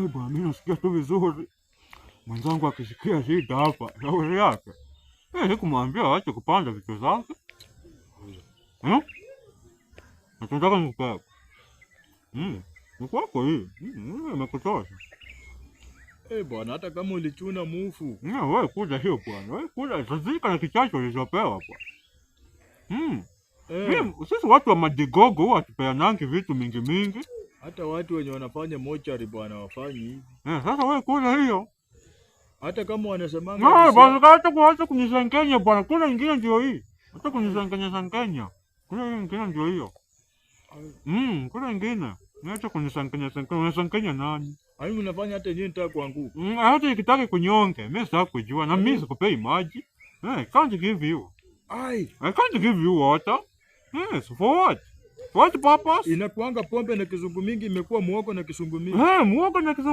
Bwana, mimi nasikia tu vizuri. Mwenzangu akisikia shida hapa, shauri yake. Mimi kumwambia aache kupanda vitu zake. Hmm? Nataka nikupe. Mm. Ni kwako hii. Mimi hmm, eh, bwana hata kama ulichuna mufu. Na hmm, kuja hiyo bwana. Wewe kuja tazika na kichacho ulichopewa bwana. Hmm. Eh. sisi watu wa madigogo huwa tupeanangi vitu mingi mingi. Hata watu wenye wanafanya mochari bwana wafanyi hivi. Eh, sasa wewe kuna hiyo. Hata kama wanasemanga. Ah, bwana hata kwa hata kunisengenya bwana. Kuna nyingine ndio hii. Hata kunisengenya sengenya. Kuna nyingine ndio hiyo. Mm, kuna nyingine. Niacha kunisengenya sengenya. Unanisengenya nani? Hayo unafanya hata nyinyi nitaka kuanguka. Mm, hata ikitaka kunyonge, mimi sitaki kujua na mimi sikupei maji. Eh, hey, can't give you. Ai, I can't give you water. Yes, eh, for what? What purpose? Inakuanga pombe na kizungu mingi, imekuwa muoko na kizungu mingi. Eh, muoko na kizungu